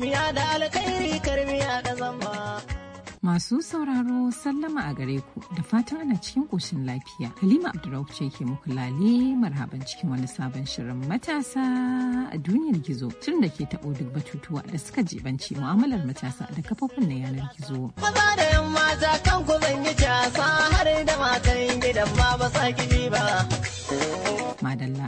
miya da alkhairi da zamba. Masu sauraro sallama a gare ku da fatan ana cikin ƙoshin lafiya. Halima Abdurrauf ce ke muku lale marhaban cikin wani sabon shirin matasa a duniyar gizo. tun da ke taɓo duk batutuwa da suka jibanci mu'amalar matasa da kafofin na yanar gizo. Maza da yan mata kan ku zan yi jasa har da matan gidan ma ba sa ba.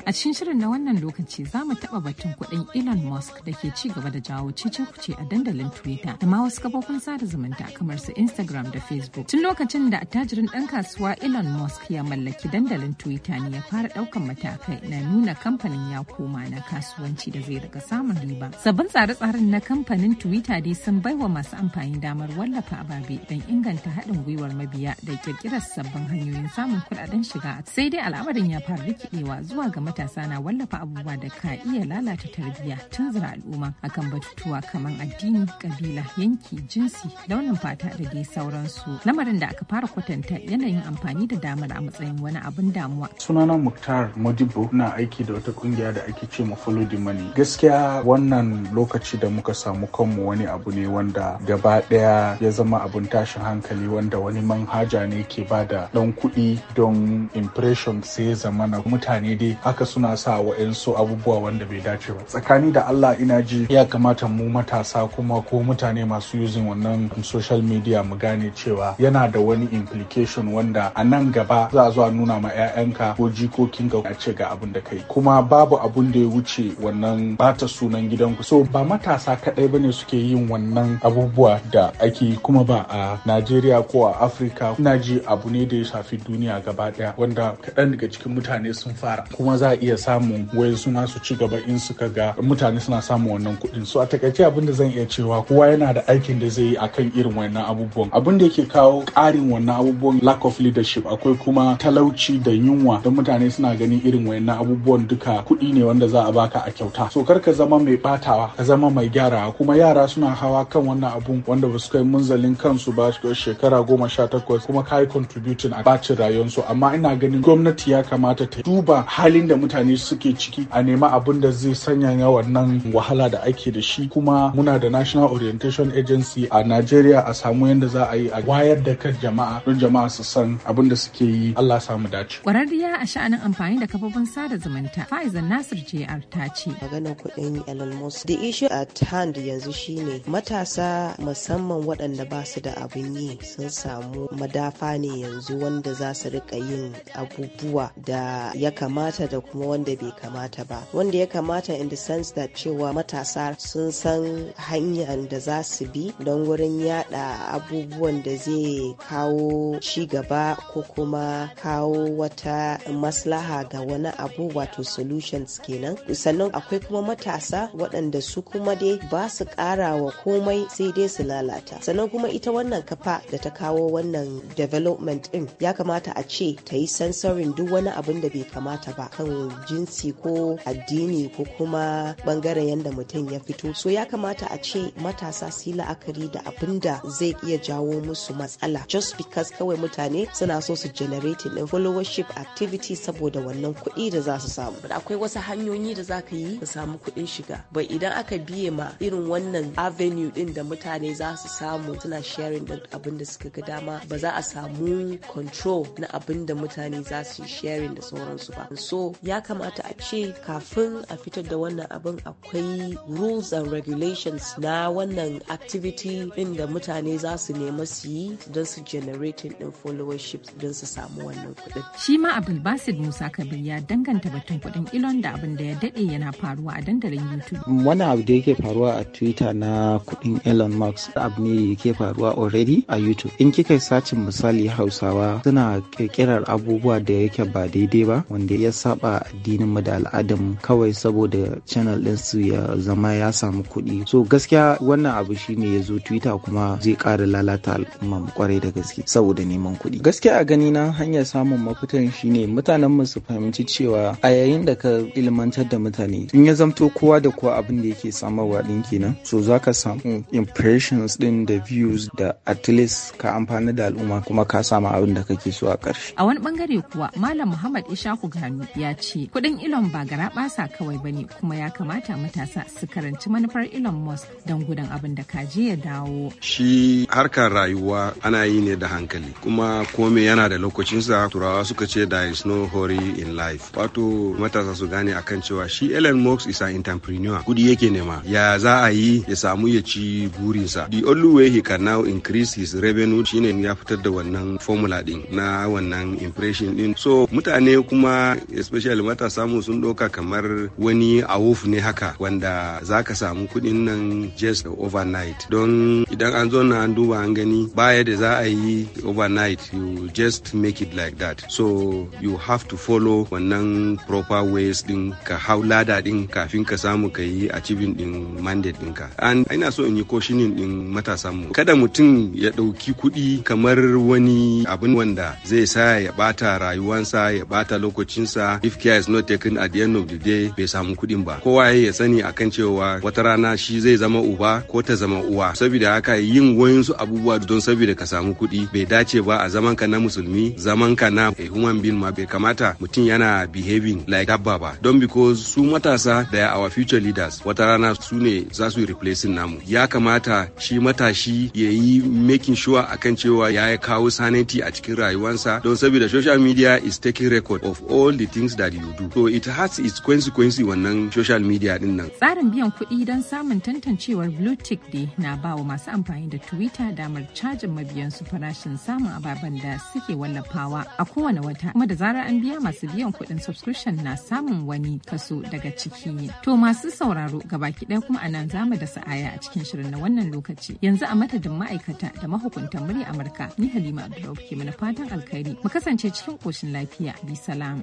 A cikin shirin na wannan lokaci za mu taɓa batun kuɗin Elon Musk da ke ci gaba da jawo cece kuce a dandalin Twitter da ma wasu kafofin sada zumunta kamar su Instagram da Facebook. Tun lokacin da attajirin ɗan kasuwa Elon Musk ya mallaki dandalin Twitter ne ya fara ɗaukan matakai na nuna kamfanin ya koma na kasuwanci da zai rika samun riba. Sabbin tsare-tsaren na kamfanin Twitter dai sun baiwa masu amfani damar wallafa ababe don inganta haɗin gwiwar mabiya da ƙirƙirar sabbin hanyoyin samun kuɗaɗen shiga. Sai dai al'amarin ya fara rikidewa zuwa ga matasa na wallafa abubuwa da ka iya lalata tarbiyya tun zira al'umma akan batutuwa kamar addini kabila yanki jinsi launin fata da dai sauransu lamarin da aka fara kwatanta yanayin amfani da damar a matsayin wani abin damuwa sunana muktar modibo na aiki da wata kungiya da ake ce ma follow the money gaskiya wannan lokaci da muka samu kanmu wani abu ne wanda gaba daya ya zama abun tashin hankali wanda wani manhaja ne ke bada dan kuɗi don impression sai zamana mutane dai haka suna sa wa wa'insu abubuwa wanda bai dace ba tsakani da allah ina ji ya kamata mu matasa kuma ko mutane masu using wannan social media mu gane cewa yana da wani implication wanda a nan gaba za a zo a nuna ma 'ya'yanka ko jikokinka a ce ga abin da kai kuma babu abun da ya wuce wannan bata sunan gidanku so ba matasa kaɗai bane suke yin wannan abubuwa da ake kuma ba a najeriya ko a afirka Ina ji abu ne da ya shafi duniya gaba ɗaya wanda kaɗan daga cikin mutane sun fara kuma za iya samun wai suna su ci gaba in suka ga mutane suna samun wannan kuɗin su a takaice abin da zan iya cewa kowa yana da aikin da zai yi akan irin wannan abubuwan abin da yake kawo ƙarin wannan abubuwan lack of leadership akwai kuma talauci da yunwa don mutane suna ganin irin wannan abubuwan duka kuɗi ne wanda za a baka a kyauta so kar ka zama mai batawa ka zama mai gyara kuma yara suna hawa kan wannan abun wanda ba su kai munzalin kansu ba shekara goma sha takwas kuma ka yi contributing a bacin rayuwarsu amma ina ganin gwamnati ya kamata ta duba halin da mutane suke ciki a nema abin da zai sanya sanyaya wannan wahala da ake da shi kuma muna da national orientation agency a nigeria a samu yadda za a yi a wayar da kan jama'a don jama'a su san abin da suke yi allah samu dace kwararriya a sha'anin amfani da kafofin sada zumunta faizan nasir jr ta ce maganar kuɗin elon musk the issue at hand yanzu shine matasa musamman waɗanda ba su da abin yi sun samu madafa ne yanzu wanda za su riƙa yin abubuwa da ya kamata da kuma kuma wanda bai kamata ba wanda ya kamata in the sense that cewa matasa sun san hanyar da za su bi don wurin yada abubuwan da zai kawo ci gaba ko kuma kawo wata maslaha ga wani abu wato solutions kenan sannan akwai kuma matasa waɗanda su kuma dai ba su karawa komai sai dai su lalata sannan kuma ita wannan kafa da ta kawo wannan development din ya kamata a ce ta yi sensorin duk wani abin da bai kamata ba kan jinsi ko addini ko kuma bangaren yadda mutum ya fito so ya kamata a ce matasa su la'akari da abin da zai iya jawo musu matsala just because kawai mutane suna so su generating din followership activity saboda wannan kuɗi da za su samu akwai wasu hanyoyi da za ka yi ka samu kuɗin shiga ba idan aka biye ma irin wannan avenue din da mutane za su samu suna sharing din abin da suka ga dama ba za a samu control na abin da mutane za su yi sharing da sauransu ba so ya kamata a ce kafin a fitar da wannan abin akwai rules and regulations na wannan activity inda mutane za su nema su yi don su generating din followership don su samu wannan kuɗin. Shi ma Abdulbasid Musa Kabir ya danganta batun kuɗin ilon da abin da ya daɗe yana faruwa a dandalin YouTube. Wani abu da yake faruwa a Twitter na kudin Elon Musk abu ne yake faruwa already a YouTube. In kika sacin misali Hausawa suna ƙirƙirar abubuwa da yake ba daidai ba wanda ya saba addinin mu da mu kawai saboda channel din su ya zama ya samu kuɗi so gaskiya wannan abu shine ya zo twitter kuma zai ƙara lalata al'umma kwarai da gaske saboda neman kuɗi gaskiya a gani na hanyar samun mafitan shine mutanen mu su fahimci cewa a yayin da ka ilmantar da mutane in ya zamto kowa da kowa abin da yake samarwa din kenan so zaka samu impressions din da views da at least ka amfani da al'umma kuma ka samu abin da kake so a ƙarshe a wani bangare kuwa malam muhammad ishaku gani ya ce ce kuɗin Elon ba gara basa kawai bane kuma ya kamata matasa su karanci manufar Elon Musk don gudan abin da kaji ya dawo. Shi harkar rayuwa ana yi ne da hankali kuma kome yana da lokacinsa turawa suka ce there is no hurry in life. Wato matasa su gane akan cewa shi Elon Musk is an entrepreneur kudi yake nema ya za a yi ya samu ya ci burinsa. The only way he can now increase his revenue shine ya fitar da wannan formula din na wannan impression din. So mutane kuma especially misali matasa mu sun ɗauka kamar wani awuf ne haka wanda za ka samu kuɗin nan just overnight don idan an zo na an duba an gani baya da za a yi overnight you just make it like that so you have to follow wannan proper ways din ka hau lada din kafin ka samu ka yi cibin din mandate ɗinka an ina so in yi koshinin din matasan mu kada mutum ya ɗauki kuɗi kamar wani abin wanda zai sa ya bata rayuwansa ya bata lokacinsa if care is not taken at the end of the day bai samu kuɗin ba kowa ya sani akan cewa wata rana shi zai zama uba ko ta zama uwa saboda haka yin wayansu abubuwa don saboda ka samu kuɗi bai dace ba a zaman ka na musulmi zaman ka na a eh, human being ma bai kamata mutum yana behaving like dabba ba don because su matasa da our future leaders wata rana su ne za su replacing namu ya kamata shi matashi ya yi making sure akan cewa ya kawo sanity a cikin rayuwarsa don saboda social media is taking record of all the things that you so it has its consequences wannan social media din nan tsarin biyan kuɗi don samun tantancewar blue tick dai na ba wa masu amfani da twitter damar cajin mabiyan su farashin samun ababen da suke wallafawa a kowane wata kuma da zarar an biya masu biyan kuɗin subscription na samun wani kaso daga ciki to masu sauraro gabaki ɗaya kuma anan zamu da sa'aya a cikin shirin na wannan lokaci yanzu a matadin ma'aikata da mahukuntan murya amurka ni halima abdullahi ke mana fatan alkhairi mu kasance cikin koshin lafiya bi salam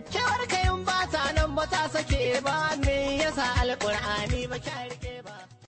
ba ta nan ba ta sake ba me yasa alƙur'ani ba kyari